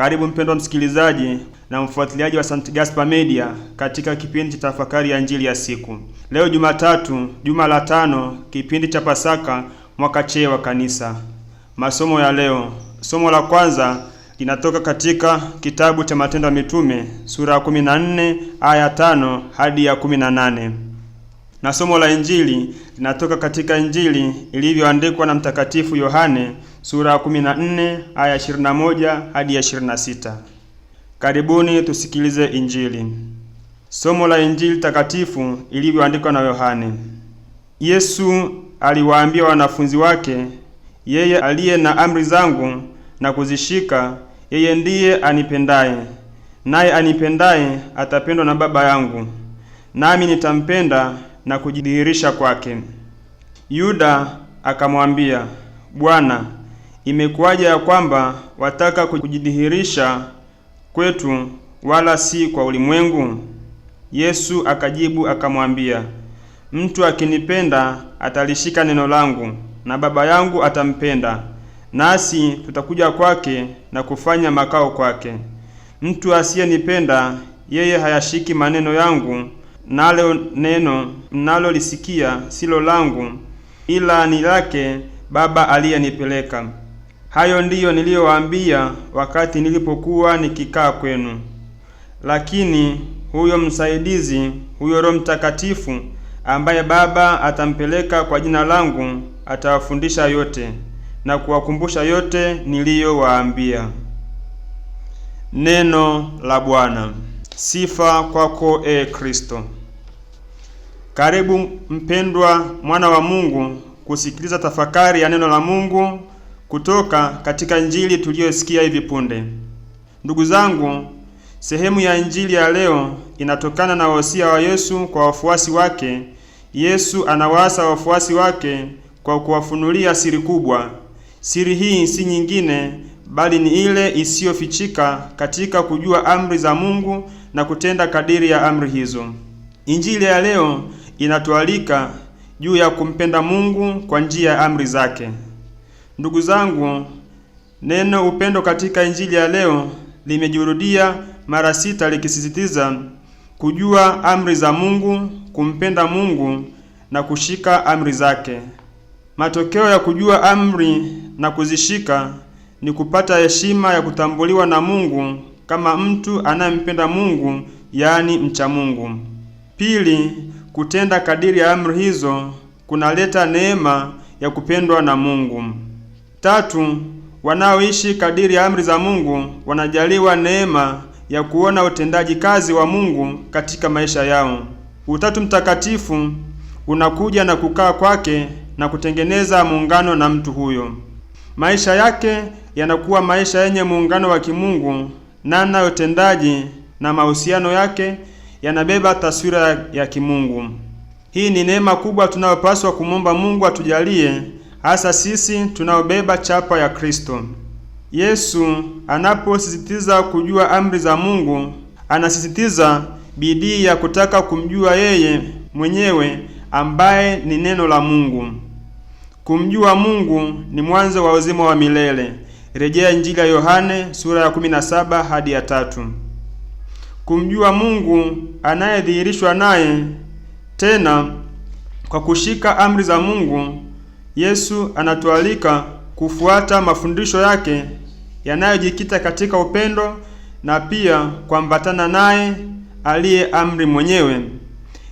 Karibu mpendwa msikilizaji na mfuatiliaji wa St. Gaspar Media katika kipindi cha tafakari ya Injili ya siku. Leo Jumatatu, juma la tano, kipindi cha Pasaka, mwaka C wa Kanisa. Masomo ya leo, somo la kwanza linatoka katika kitabu cha Matendo ya Mitume sura ya 14 aya 5 hadi ya 18, na somo la Injili linatoka katika Injili ilivyoandikwa na Mtakatifu Yohane sura ya 14 aya 21 hadi ya 26. Karibuni tusikilize Injili. Somo la Injili takatifu ilivyoandikwa na Yohane. Yesu aliwaambia wanafunzi wake, yeye aliye na amri zangu na kuzishika, yeye ndiye anipendaye, naye anipendaye atapendwa na Baba yangu, nami nitampenda na kujidhihirisha kwake. Yuda akamwambia, Bwana imekuwaje ya kwamba wataka kujidhihirisha kwetu wala si kwa ulimwengu? Yesu akajibu akamwambia, mtu akinipenda atalishika neno langu, na Baba yangu atampenda, nasi tutakuja kwake na kufanya makao kwake. Mtu asiyenipenda yeye hayashiki maneno yangu, nalo neno mnalolisikia silo langu, ila ni lake Baba aliyenipeleka. Hayo ndiyo niliyowaambia wakati nilipokuwa nikikaa kwenu. Lakini huyo msaidizi, huyo Roho Mtakatifu ambaye Baba atampeleka kwa jina langu, atawafundisha yote na kuwakumbusha yote niliyowaambia. Neno la Bwana. Sifa kwako e Kristo. Karibu mpendwa mwana wa Mungu kusikiliza tafakari ya neno la Mungu kutoka katika Injili tuliyosikia hivi punde. Ndugu zangu, sehemu ya Injili ya leo inatokana na wosia wa Yesu kwa wafuasi wake. Yesu anawaasa wafuasi wake kwa kuwafunulia siri kubwa. Siri hii si nyingine bali ni ile isiyofichika katika kujua amri za Mungu na kutenda kadiri ya amri hizo. Injili ya leo inatualika juu ya kumpenda Mungu kwa njia ya amri zake. Ndugu zangu, neno upendo katika injili ya leo limejirudia mara sita likisisitiza kujua amri za Mungu, kumpenda Mungu na kushika amri zake. Matokeo ya kujua amri na kuzishika ni kupata heshima ya kutambuliwa na Mungu kama mtu anayempenda Mungu, yaani mcha Mungu. Pili, kutenda kadiri ya amri hizo kunaleta neema ya kupendwa na Mungu. Tatu, wanaoishi kadiri ya amri za Mungu wanajaliwa neema ya kuona utendaji kazi wa Mungu katika maisha yao. Utatu Mtakatifu unakuja na kukaa kwake na kutengeneza muungano na mtu huyo. Maisha yake yanakuwa maisha yenye muungano wa kimungu, namna ya utendaji na mahusiano yake yanabeba taswira ya kimungu. Hii ni neema kubwa tunayopaswa kumwomba Mungu atujalie hasa sisi tunaobeba chapa ya Kristo. Yesu anaposisitiza kujua amri za Mungu, anasisitiza bidii ya kutaka kumjua yeye mwenyewe ambaye ni neno la Mungu. Kumjua Mungu ni mwanzo wa uzima wa milele. Rejea Injili ya Yohane sura ya 17 hadi ya tatu. Kumjua Mungu anayedhihirishwa naye tena kwa kushika amri za Mungu Yesu anatualika kufuata mafundisho yake yanayojikita katika upendo na pia kuambatana naye aliye amri mwenyewe.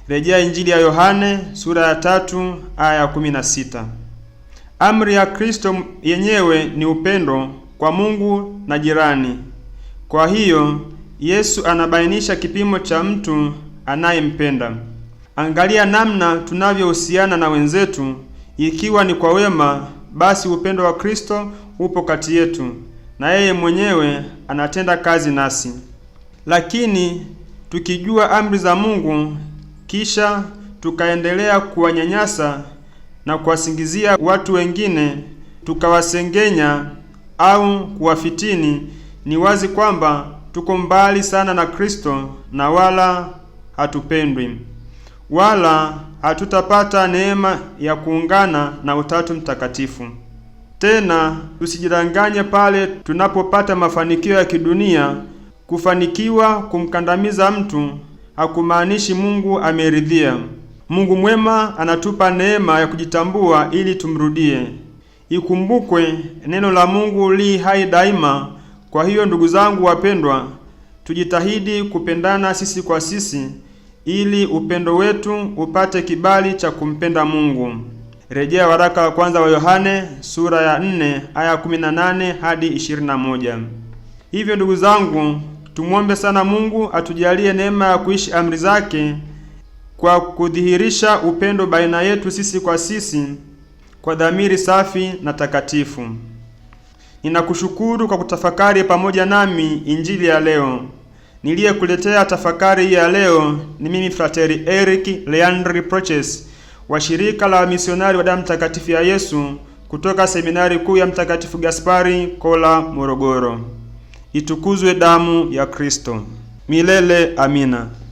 Rejea Injili ya Yohane sura ya tatu aya ya kumi na sita. Amri ya Kristo yenyewe ni upendo kwa Mungu na jirani. Kwa hiyo Yesu anabainisha kipimo cha mtu anayempenda. Angalia namna tunavyohusiana na wenzetu ikiwa ni kwa wema, basi upendo wa Kristo upo kati yetu, na yeye mwenyewe anatenda kazi nasi. Lakini tukijua amri za Mungu kisha tukaendelea kuwanyanyasa na kuwasingizia watu wengine, tukawasengenya au kuwafitini, ni wazi kwamba tuko mbali sana na Kristo na wala hatupendwi wala hatutapata neema ya kuungana na Utatu Mtakatifu. Tena tusijidanganye pale tunapopata mafanikio ya kidunia. Kufanikiwa kumkandamiza mtu hakumaanishi Mungu ameridhia. Mungu mwema anatupa neema ya kujitambua ili tumrudie. Ikumbukwe neno la Mungu li hai daima. Kwa hiyo ndugu zangu wapendwa, tujitahidi kupendana sisi kwa sisi ili upendo wetu upate kibali cha kumpenda Mungu. Rejea waraka wa kwanza wa Yohane sura ya 4 aya 18 hadi 21. Hivyo ndugu zangu, tumwombe sana Mungu atujalie neema ya kuishi amri zake kwa kudhihirisha upendo baina yetu sisi kwa sisi kwa dhamiri safi na takatifu. Ninakushukuru kwa kutafakari pamoja nami Injili ya leo. Niliyekuletea tafakari ya leo ni mimi Frateri Eric Leandri Proches wa shirika la wamisionari wa damu takatifu ya Yesu kutoka seminari kuu ya Mtakatifu Gaspari Kola, Morogoro. Itukuzwe damu ya Kristo! Milele amina!